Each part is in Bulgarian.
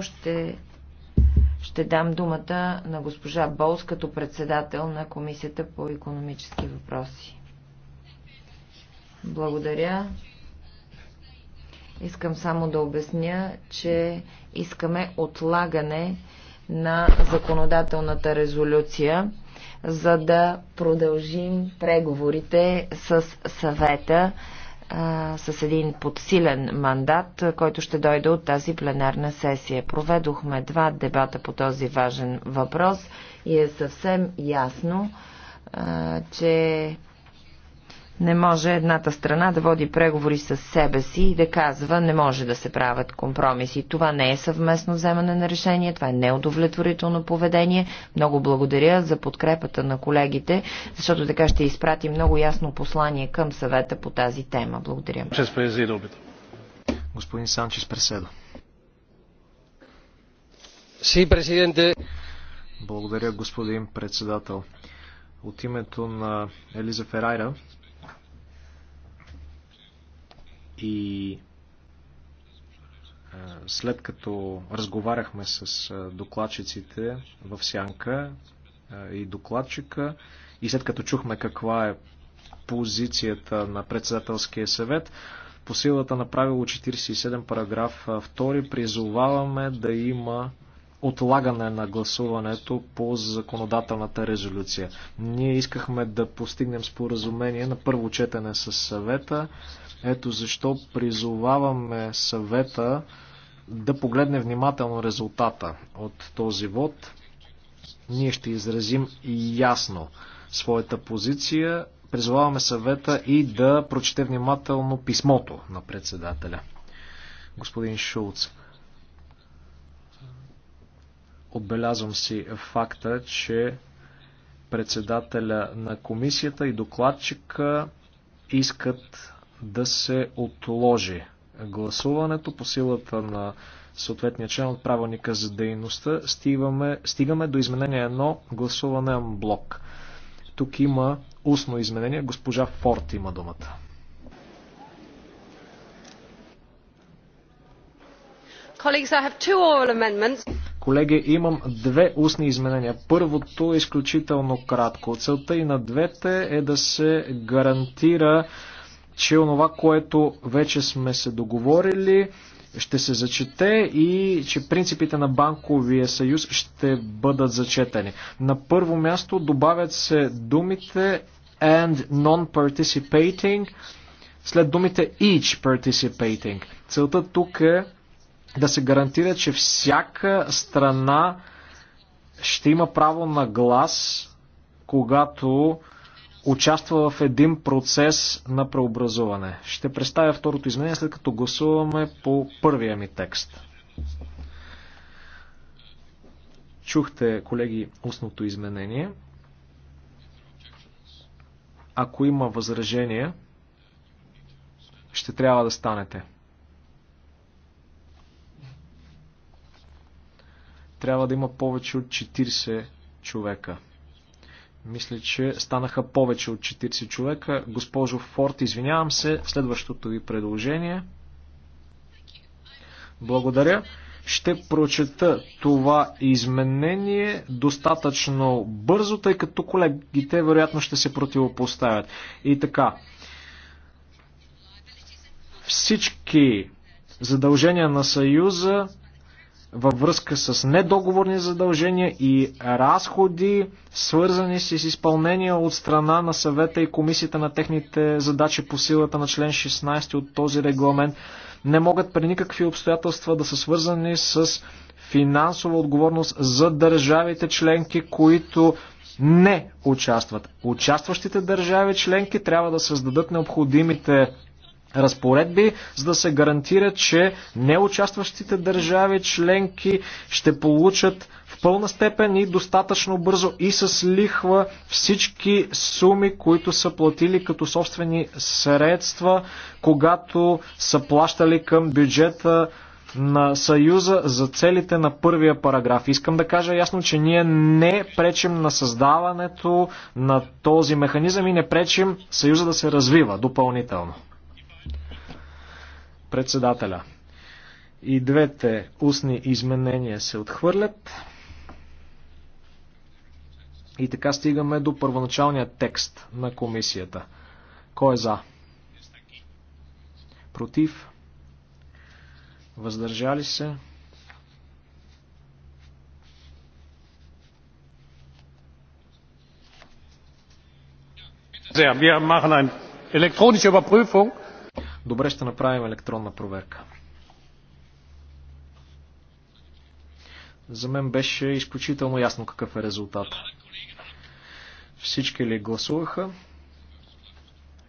ще, ще дам думата на госпожа Болс като председател на Комисията по економически въпроси. Благодаря. Искам само да обясня, че искаме отлагане на законодателната резолюция, за да продължим преговорите с съвета а, с един подсилен мандат, който ще дойде от тази пленарна сесия. Проведохме два дебата по този важен въпрос и е съвсем ясно, а, че не може едната страна да води преговори с себе си и да казва, не може да се правят компромиси. Това не е съвместно вземане на решение, това е неудовлетворително поведение. Много благодаря за подкрепата на колегите, защото така ще изпрати много ясно послание към съвета по тази тема. Благодаря. Господин Санчес Преседо. Си, президенте. Благодаря, господин председател. От името на Елиза Ферайра, и след като разговаряхме с докладчиците в Сянка и докладчика и след като чухме каква е позицията на председателския съвет, по силата на правило 47 параграф 2 призоваваме да има отлагане на гласуването по законодателната резолюция. Ние искахме да постигнем споразумение на първо четене с съвета. Ето защо призоваваме съвета да погледне внимателно резултата от този вод. Ние ще изразим и ясно своята позиция. Призоваваме съвета и да прочете внимателно писмото на председателя. Господин Шулц, отбелязвам си факта, че председателя на комисията и докладчика искат да се отложи гласуването по силата на съответния член от правилника за дейността. Стигаме, стигаме до изменение 1, гласуване блок. Тук има устно изменение. Госпожа Форт има думата. Колеги, имам две устни изменения. Първото е изключително кратко. Целта и на двете е да се гарантира че онова, което вече сме се договорили, ще се зачете и че принципите на банковия съюз ще бъдат зачетени. На първо място добавят се думите and non-participating след думите each participating. Целта тук е да се гарантира, че всяка страна ще има право на глас, когато участва в един процес на преобразуване. Ще представя второто изменение, след като гласуваме по първия ми текст. Чухте, колеги, устното изменение. Ако има възражение, ще трябва да станете. Трябва да има повече от 40 човека. Мисля, че станаха повече от 40 човека. Госпожо Форд, извинявам се, следващото ви предложение. Благодаря. Ще прочета това изменение достатъчно бързо, тъй като колегите вероятно ще се противопоставят. И така, всички задължения на Съюза във връзка с недоговорни задължения и разходи, свързани с изпълнение от страна на съвета и комисията на техните задачи по силата на член 16 от този регламент, не могат при никакви обстоятелства да са свързани с финансова отговорност за държавите членки, които не участват. Участващите държави членки трябва да създадат необходимите разпоредби, за да се гарантира, че неучастващите държави членки ще получат в пълна степен и достатъчно бързо и с лихва всички суми, които са платили като собствени средства, когато са плащали към бюджета на Съюза за целите на първия параграф. Искам да кажа ясно, че ние не пречим на създаването на този механизъм и не пречим Съюза да се развива допълнително. Председателя. И двете устни изменения се отхвърлят. И така стигаме до първоначалния текст на комисията. Кой е за? Против? Въздържали се? sehr. wir machen eine elektronische überprüfung. Добре, ще направим електронна проверка. За мен беше изключително ясно какъв е резултат. Всички ли гласуваха?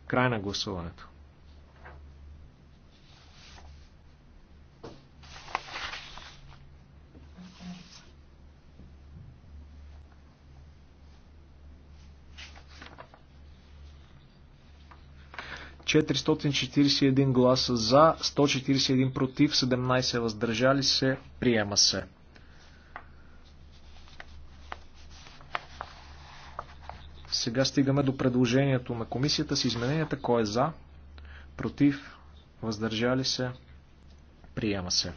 Край на гласуването. 441 гласа за, 141 против, 17 въздържали се, приема се. Сега стигаме до предложението на комисията с измененията. Кой е за? Против? Въздържали се? Приема се.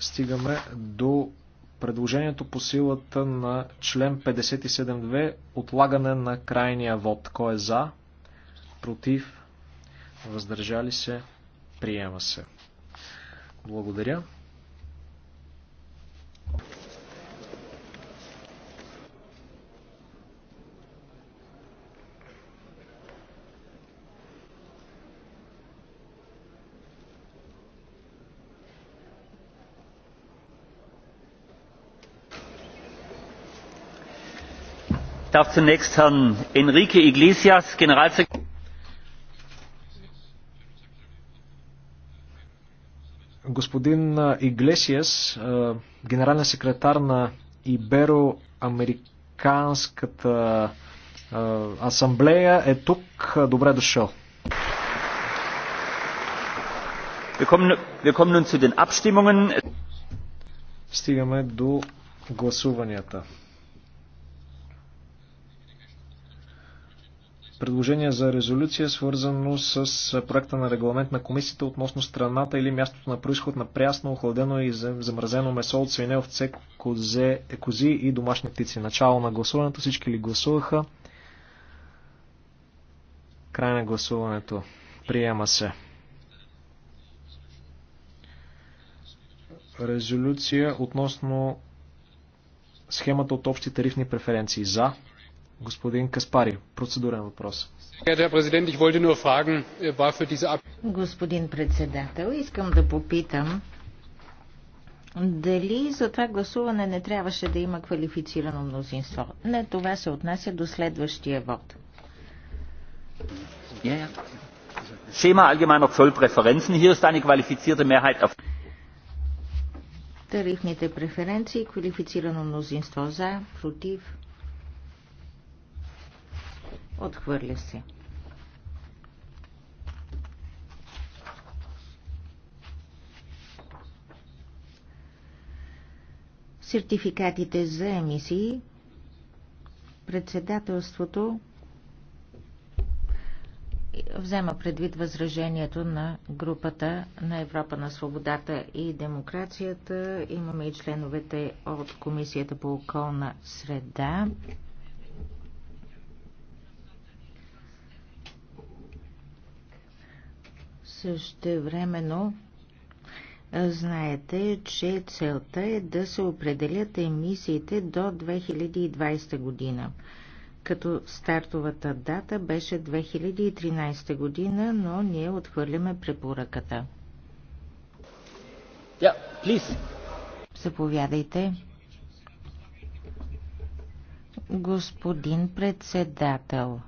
Стигаме до Предложението по силата на член 57.2 отлагане на крайния вод. Кой е за? Против? Въздържали се? Приема се. Благодаря. darf zunächst herrn enrique iglesias generalsekretär господин Иглесиас, генерален секретар на Ибероамериканската асамблея е тук. Добре дошъл. Стигаме до гласуванията. предложение за резолюция, свързано с проекта на регламент на комисията относно страната или мястото на происход на прясно, охладено и замразено месо от свине, овце, козе, екози и домашни птици. Начало на гласуването. Всички ли гласуваха? Край на гласуването. Приема се. Резолюция относно схемата от общи тарифни преференции. За. Господин Каспари, процедурен въпрос. Äh, Господин председател, искам да попитам дали за това гласуване не трябваше да има квалифицирано мнозинство. Не, това се отнася до следващия вод. Schema allgemeiner Zollpräferenzen. Hier ist eine qualifizierte Mehrheit auf. Тарифните преференции, квалифицирано мнозинство за, против, Отхвърля се. Сертификатите за емисии, председателството взема предвид възражението на групата на Европа на свободата и демокрацията. Имаме и членовете от Комисията по околна среда. Същевременно знаете, че целта е да се определят емисиите до 2020 година като стартовата дата беше 2013 година, но ние отхвърляме препоръката. Yeah, please. Заповядайте. Господин председател,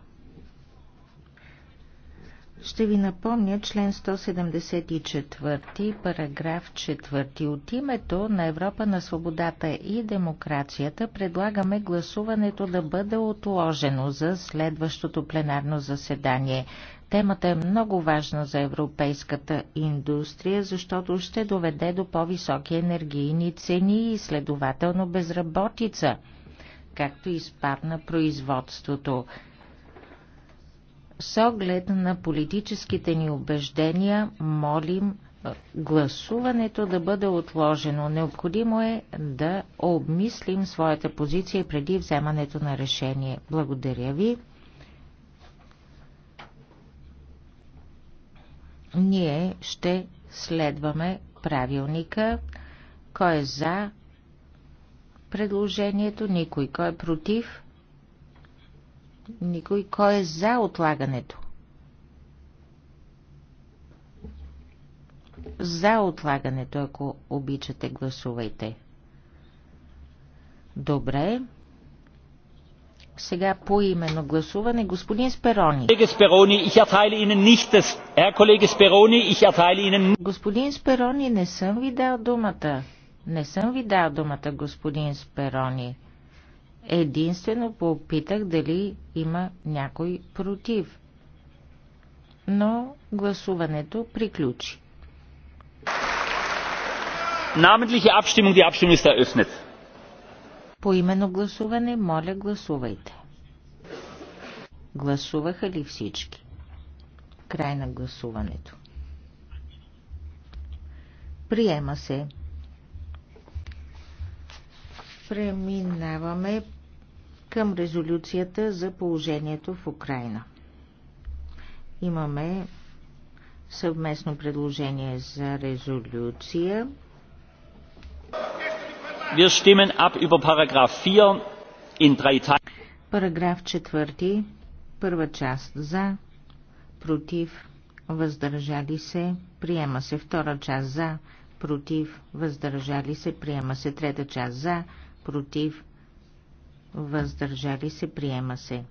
ще ви напомня член 174, параграф 4. От името на Европа на свободата и демокрацията предлагаме гласуването да бъде отложено за следващото пленарно заседание. Темата е много важна за европейската индустрия, защото ще доведе до по-високи енергийни цени и следователно безработица, както и спад на производството. С оглед на политическите ни убеждения, молим гласуването да бъде отложено. Необходимо е да обмислим своята позиция преди вземането на решение. Благодаря ви. Ние ще следваме правилника. Кой е за предложението? Никой. Кой е против? Никой. Кой е за отлагането? За отлагането, ако обичате, гласувайте. Добре. Сега по именно гласуване господин Сперони. Господин Сперони, не съм ви дал думата. Не съм ви дал думата, господин Сперони. Единствено попитах дали има някой против. Но гласуването приключи. Наmentliche Abstimmung, die Abstimmung ist eröffnet. По именно гласуване, моля гласувайте. Гласуваха ли всички? Край на гласуването. Приема се. Преминаваме към резолюцията за положението в Украина. Имаме съвместно предложение за резолюция. Wir stimmen ab über paragraf 4 in drei Teilen. Параграф 4, първа част за, против, въздържали се, приема се втора част за, против, въздържали се, приема се трета част за, против, въздържали се, приема се.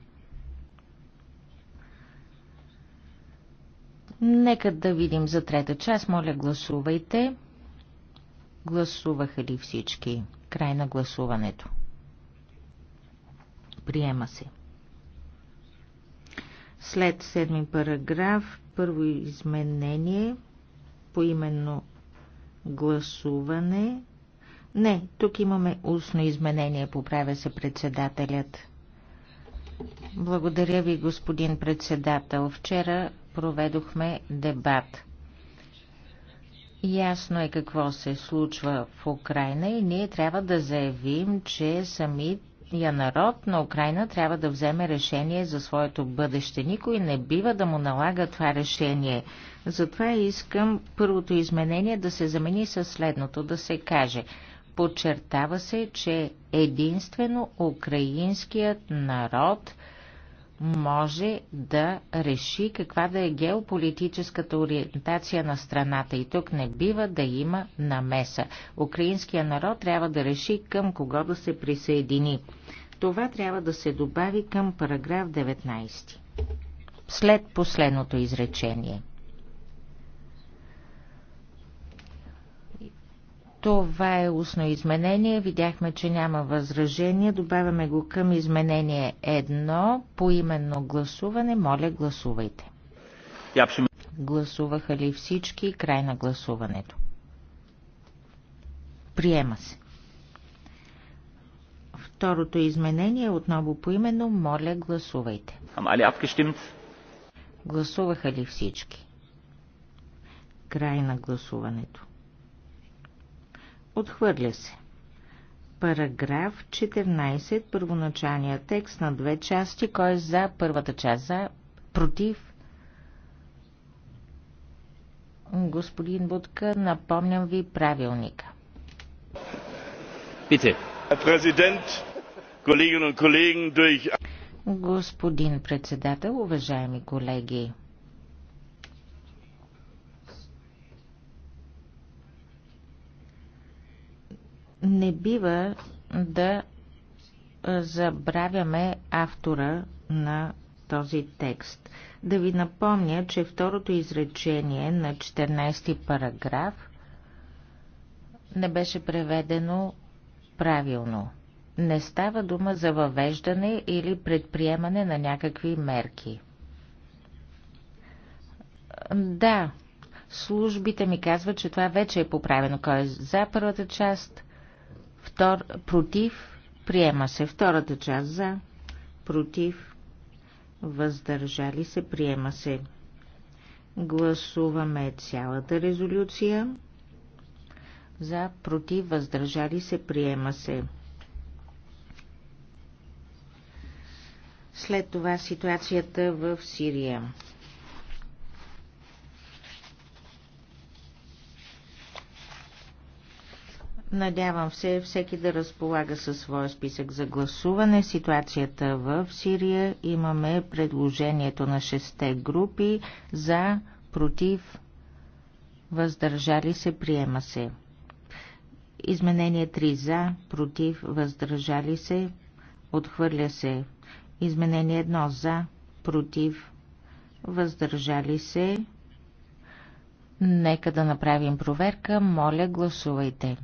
Нека да видим за трета част. Моля, гласувайте. Гласуваха ли всички? Край на гласуването. Приема се. След седми параграф, първо изменение, поименно гласуване, не, тук имаме устно изменение, поправя се председателят. Благодаря ви, господин председател. Вчера проведохме дебат. Ясно е какво се случва в Украина и ние трябва да заявим, че самия народ на Украина трябва да вземе решение за своето бъдеще. Никой не бива да му налага това решение. Затова искам първото изменение да се замени с следното, да се каже – Подчертава се, че единствено украинският народ може да реши каква да е геополитическата ориентация на страната и тук не бива да има намеса. Украинския народ трябва да реши към кого да се присъедини. Това трябва да се добави към параграф 19. След последното изречение – Това е устно изменение. Видяхме, че няма възражение. Добавяме го към изменение 1 по именно гласуване. Моля, гласувайте. Гласуваха ли всички? Край на гласуването. Приема се. Второто изменение е отново по именно. Моля, гласувайте. Гласуваха ли всички? Край на гласуването. Отхвърля се. Параграф 14, първоначалния текст на две части, кой е за първата част, за, против. Господин Будка, напомням ви правилника. Пите. Президент, колеги и колеги, Господин председател, уважаеми колеги, Не бива да забравяме автора на този текст. Да ви напомня, че второто изречение на 14 параграф не беше преведено правилно. Не става дума за въвеждане или предприемане на някакви мерки. Да, службите ми казват, че това вече е поправено. Кой е за първата част, Втор... Против. Приема се. Втората част за. Против. Въздържали се. Приема се. Гласуваме цялата резолюция. За. Против. Въздържали се. Приема се. След това ситуацията в Сирия. Надявам се всеки да разполага със своя списък за гласуване. Ситуацията в Сирия имаме предложението на шесте групи за, против, въздържали се, приема се. Изменение 3 за, против, въздържали се, отхвърля се. Изменение 1 за, против, въздържали се. Нека да направим проверка. Моля, гласувайте.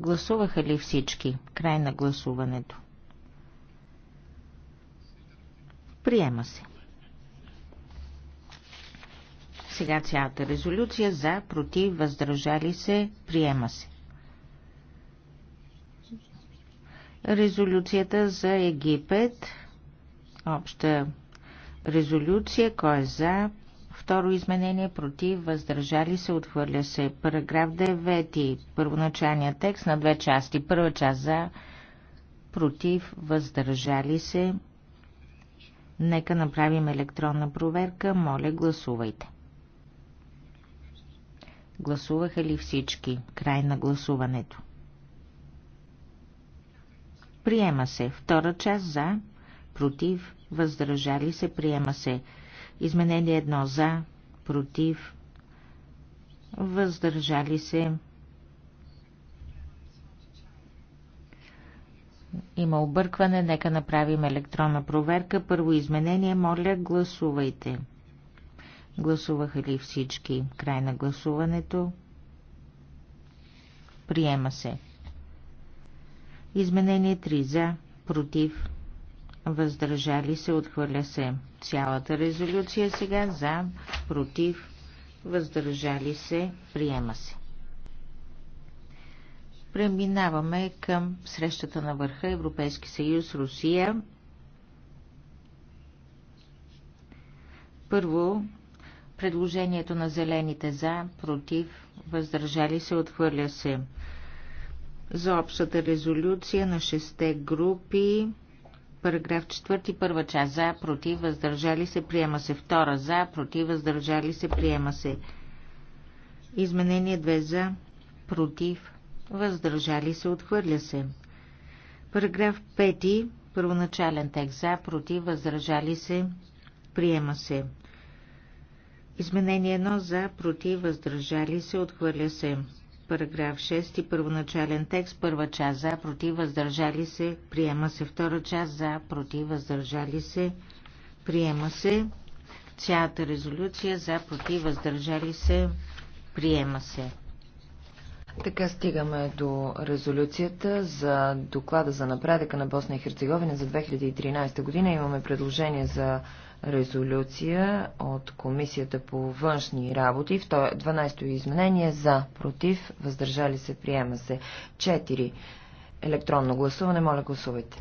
Гласуваха ли всички? Край на гласуването. Приема се. Сега цялата резолюция за, против, въздържали се, приема се. Резолюцията за Египет, обща резолюция, кой е за, Второ изменение против, въздържали се, отхвърля се. Параграф 9. Първоначалният текст на две части. Първа част за, против, въздържали се. Нека направим електронна проверка. Моля, гласувайте. Гласуваха ли всички? Край на гласуването. Приема се. Втора част за, против, въздържали се, приема се. Изменение едно за, против, въздържали се. Има объркване, нека направим електронна проверка. Първо изменение, моля, гласувайте. Гласуваха ли всички? Край на гласуването. Приема се. Изменение 3 за, против, въздържали се, отхвърля се цялата резолюция сега за, против, въздържали се, приема се. Преминаваме към срещата на върха Европейски съюз Русия. Първо, предложението на зелените за, против, въздържали се, отхвърля се. За общата резолюция на шесте групи Параграф 4, първа част за, против, въздържали се, приема се. Втора за, против, въздържали се, приема се. Изменение 2 за, против, въздържали се, отхвърля се. Параграф 5, първоначален текст за, против, въздържали се, приема се. Изменение 1 за, против, въздържали се, отхвърля се. Параграф 6. Първоначален текст. Първа част за, против, въздържали се. Приема се. Втора част за, против, въздържали се. Приема се. Цялата резолюция за, против, въздържали се. Приема се. Така стигаме до резолюцията за доклада за напредъка на Босна и Херцеговина за 2013 година. Имаме предложение за резолюция от Комисията по външни работи. 12-то изменение за, против, въздържали се, приема се. 4. Електронно гласуване. Моля, гласувайте.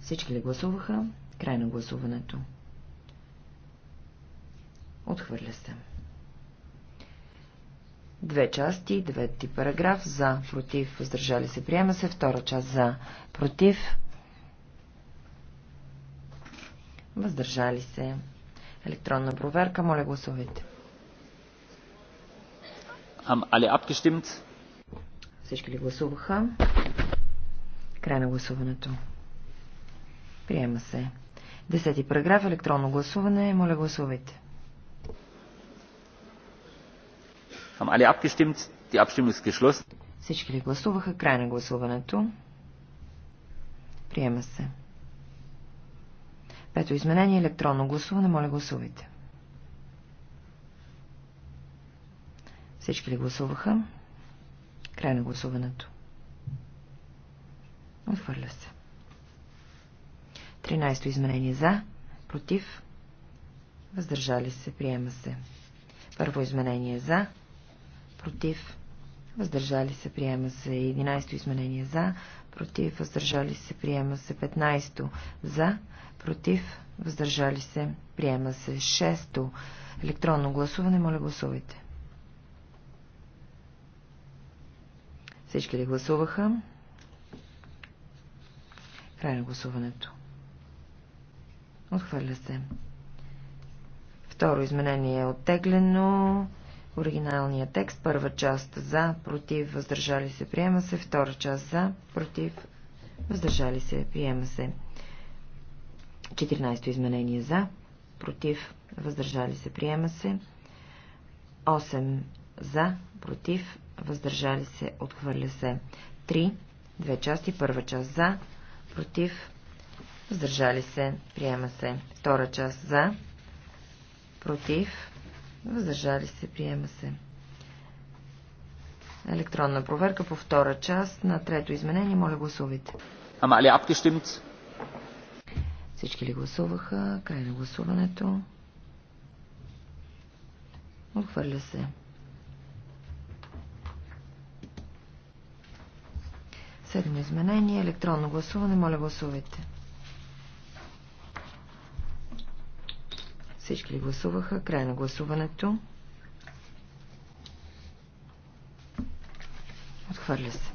Всички ли гласуваха? Край на гласуването. Отхвърля се. Две части, девети параграф, за, против, въздържали се, приема се, втора част, за, против, въздържали се. Електронна проверка, моля гласувайте. Am alle Всички ли гласуваха? Край на гласуването. Приема се. Десети параграф, електронно гласуване, моля гласувайте. Всички ли гласуваха? Край на гласуването. Приема се. Пето изменение електронно гласуване. Моля гласувайте. Всички ли гласуваха? Край на гласуването. Отхвърля се. 13-то изменение за, против, въздържали се, приема се. Първо изменение за, против, въздържали се, приема се 11-то изменение за, против, въздържали се, приема се 15-то за, против, въздържали се, приема се 6-то. Електронно гласуване, моля гласувайте. Всички ли гласуваха? Край на гласуването. Отхвърля се. Второ изменение е оттеглено. Оригиналният текст, първа част за, против, въздържали се, приема се, втора част за, против, въздържали се, приема се. 14-то изменение за, против, въздържали се, приема се. 8 за, против, въздържали се, отхвърля се. 3, две части, първа част за, против, въздържали се, приема се. Втора част за, против, Въздържали се, приема се. Електронна проверка по втора част на трето изменение. Моля гласувайте. Ама али абгестимт? Всички ли гласуваха? Край на гласуването. Отхвърля се. Седмо изменение. Електронно гласуване. Моля гласувайте. Всички ли гласуваха? Край на гласуването. Отхвърля се.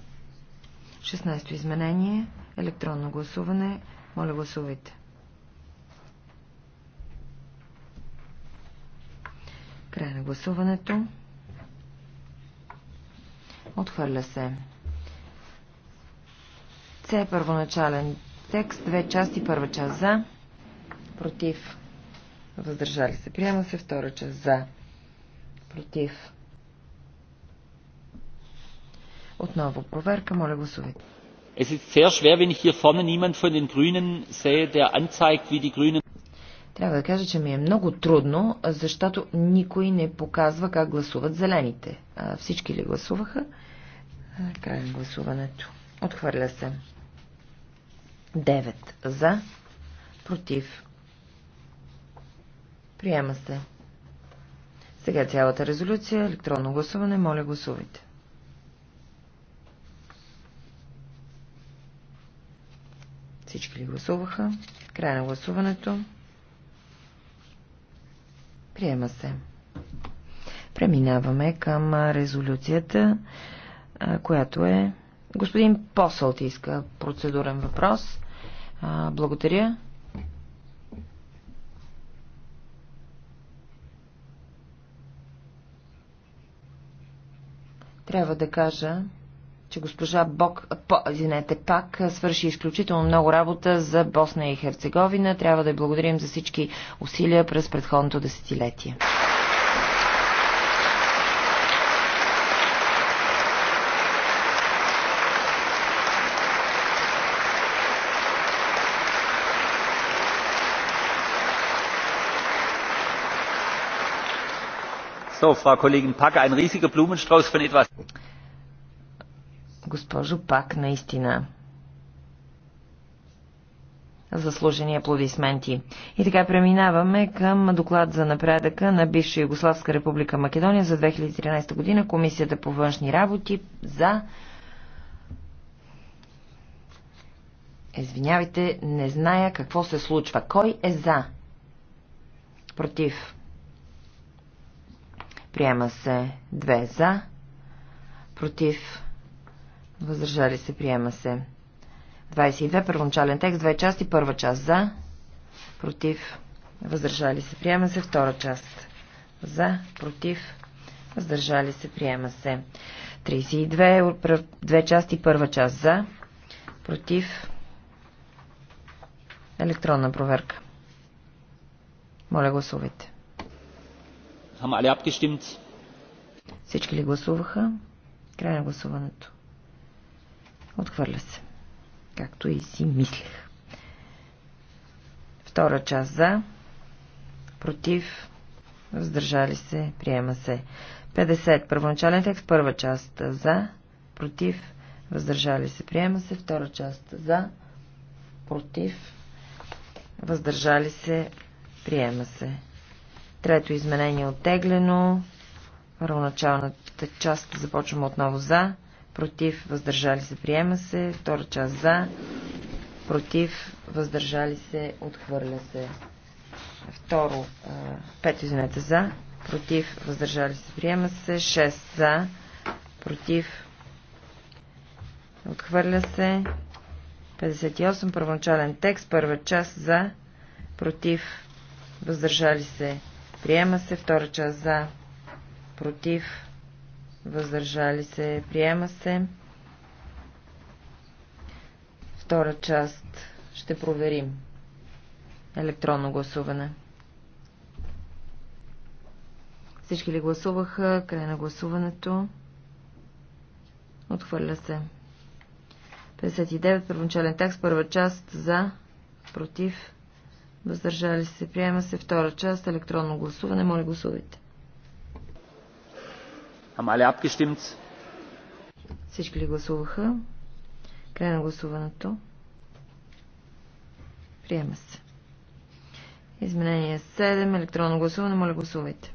16-то изменение. Електронно гласуване. Моля гласувайте. Край на гласуването. Отхвърля се. С е първоначален текст. Две части. Първа част за. Против въздържали се. Приема се втора част за, против. Отново проверка, моля гласувайте. Es ist sehr schwer, wenn ich hier vorne niemand von den Grünen sehe, der anzeigt, wie die Grünen. Трябва да кажа, че ми е много трудно, защото никой не показва как гласуват зелените. Всички ли гласуваха? Край на гласуването. Отхвърля се. 9 за, против Приема се. Сега цялата резолюция, електронно гласуване, моля гласувайте. Всички ли гласуваха? Край на гласуването. Приема се. Преминаваме към резолюцията, която е... Господин Посълт иска процедурен въпрос. Благодаря. Трябва да кажа, че госпожа Бог, извинете, пак свърши изключително много работа за Босна и Херцеговина. Трябва да й благодарим за всички усилия през предходното десетилетие. Госпожо Пак, наистина. Заслужени аплодисменти. И така преминаваме към доклад за напредъка на бивша Югославска република Македония за 2013 година. Комисията по външни работи за Извинявайте, не зная какво се случва. Кой е за? Против приема се 2 за, против, въздържали се, приема се 22, първоначален текст, две части, първа част за, против, въздържали се, приема се втора част за, против, въздържали се, приема се 32, две части, първа част за, против, електронна проверка. Моля, гласувайте. Всички ли гласуваха? Край на гласуването. Отхвърля се. Както и си мислих. Втора част за. Против. Въздържали се. Приема се. 50. Първоначален текст. Първа част за. Против. Въздържали се. Приема се. Втора част за. Против. Въздържали се. Приема се. Трето изменение е оттеглено. Първоначалната част започваме отново за. Против, въздържали се, приема се. Втора част за. Против, въздържали се, отхвърля се. Второ, пето извинете за. Против, въздържали се, приема се. 6 за. Против, отхвърля се. 58, първоначален текст, първа част за. Против, въздържали се, Приема се втора част за. Против. Въздържали се. Приема се. Втора част. Ще проверим. Електронно гласуване. Всички ли гласуваха? Край на гласуването. Отхвърля се. 59. Първоначален текст. Първа част. За. Против. Въздържали се. Приема се втора част. Електронно гласуване. Моля гласувайте. Амали штимц. Всички ли гласуваха? Край на гласуването. Приема се. Изменение 7. Електронно гласуване. Моля гласувайте.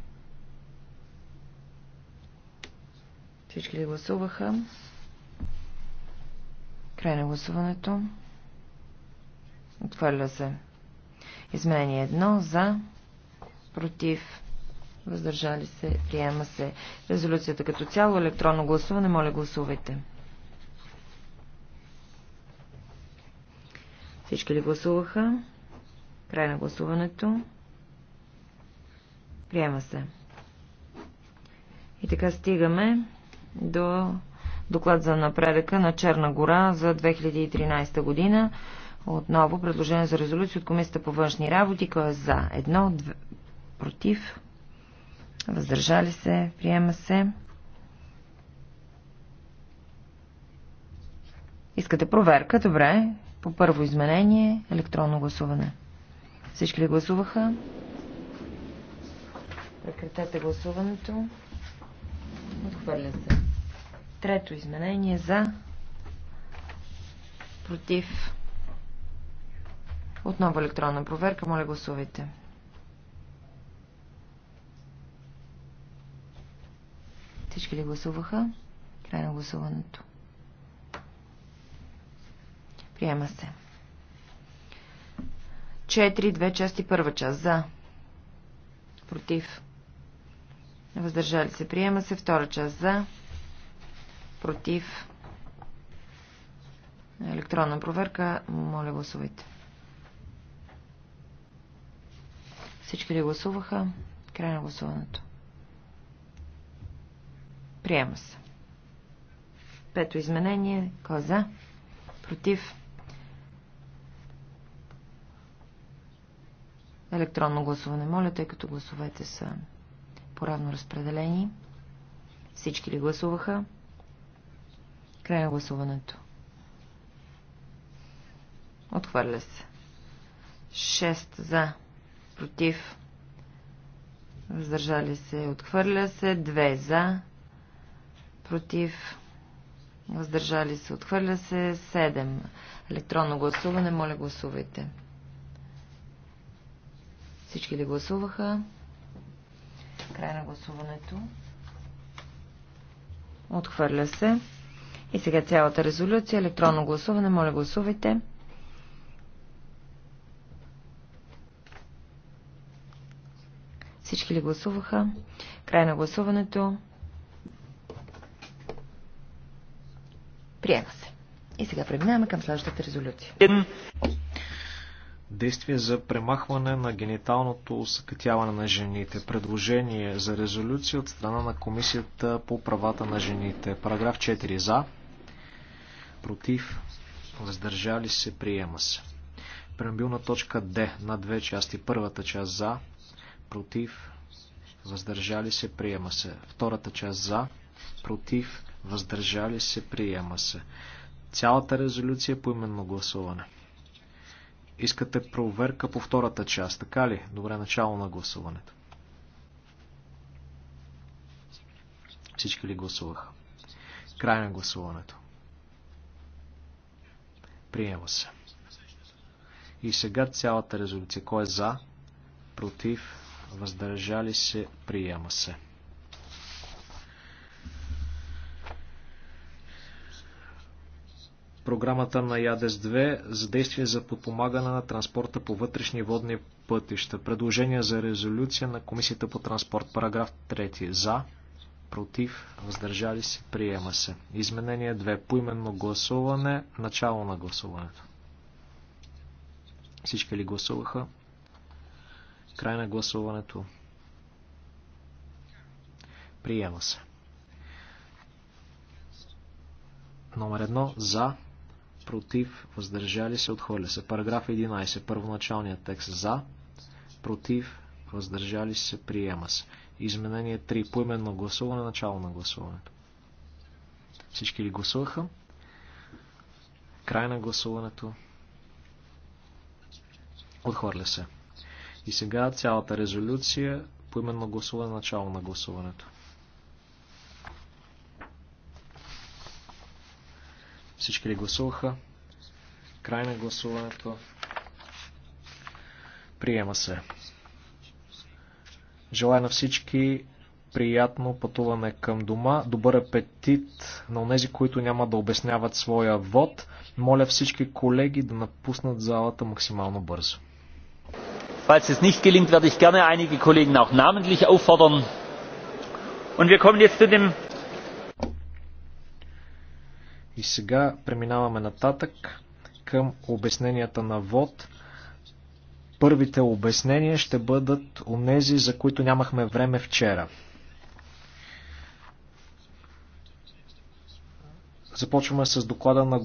Всички ли гласуваха? Край на гласуването. Отваря се. Изменение 1 за, против, въздържали се, приема се. Резолюцията като цяло, електронно гласуване, моля гласувайте. Всички ли гласуваха? Край на гласуването. Приема се. И така стигаме до доклад за напредъка на Черна гора за 2013 година. Отново предложение за резолюция от Комисията по външни работи. Кой е за? Едно, две, против, въздържали се, приема се. Искате проверка? Добре. По първо изменение електронно гласуване. Всички ли гласуваха? Прекратете гласуването. Отхвърля се. Трето изменение за против отново електронна проверка. Моля гласувайте. Всички ли гласуваха? Край на гласуването. Приема се. 4, две части, първа част. За. Против. Въздържали се. Приема се. Втора част. За. Против. Електронна проверка. Моля гласувайте. Всички ли гласуваха? Край на гласуването. Приема се. Пето изменение. Кой е за? Против? Електронно гласуване, моля, тъй като гласовете са поравно разпределени. Всички ли гласуваха? Край на гласуването. Отхвърля се. 6 за против, въздържали се, отхвърля се, 2 за, против, въздържали се, отхвърля се, 7. Електронно гласуване, моля гласувайте. Всички ли гласуваха? Край на гласуването. Отхвърля се. И сега цялата резолюция, електронно гласуване, моля гласувайте. Всички ли гласуваха? Край на гласуването. Приема се. И сега преминаваме към следващата резолюция. Действие за премахване на гениталното усъкътяване на жените. Предложение за резолюция от страна на Комисията по правата на жените. Параграф 4. За. Против. Въздържали се. Приема се. Прембилна точка Д на две части. Първата част за против, въздържали се, приема се. Втората част за, против, въздържали се, приема се. Цялата резолюция по именно гласуване. Искате проверка по втората част, така ли? Добре, начало на гласуването. Всички ли гласуваха? Край на гласуването. Приема се. И сега цялата резолюция. Кой е за? Против? въздържали се, приема се. Програмата на ЯДЕС 2 за действие за подпомагане на транспорта по вътрешни водни пътища. Предложение за резолюция на Комисията по транспорт. Параграф 3. За, против, въздържали се, приема се. Изменение 2. Поименно гласуване. Начало на гласуването. Всички ли гласуваха? Край на гласуването. Приема се. Номер едно за, против, въздържали се, отхвърля се. Параграф 11. Първоначалният текст за, против, въздържали се, приема се. Изменение 3. Поименно гласуване, начало на гласуването. Всички ли гласуваха? Край на гласуването. Отхвърля се. И сега цялата резолюция по именно гласуване, начало на гласуването. Всички ли гласуваха? Край на гласуването. Приема се. Желая на всички приятно пътуване към дома. Добър апетит на онези, които няма да обясняват своя вод. Моля всички колеги да напуснат залата максимално бързо falls es nicht gelingt werde ich gerne einige kollegen auch namentlich auffordern. и сега преминаваме нататък към обясненията на ВОД. Първите обяснения ще бъдат онези, за които нямахме време вчера. Започваме с доклада на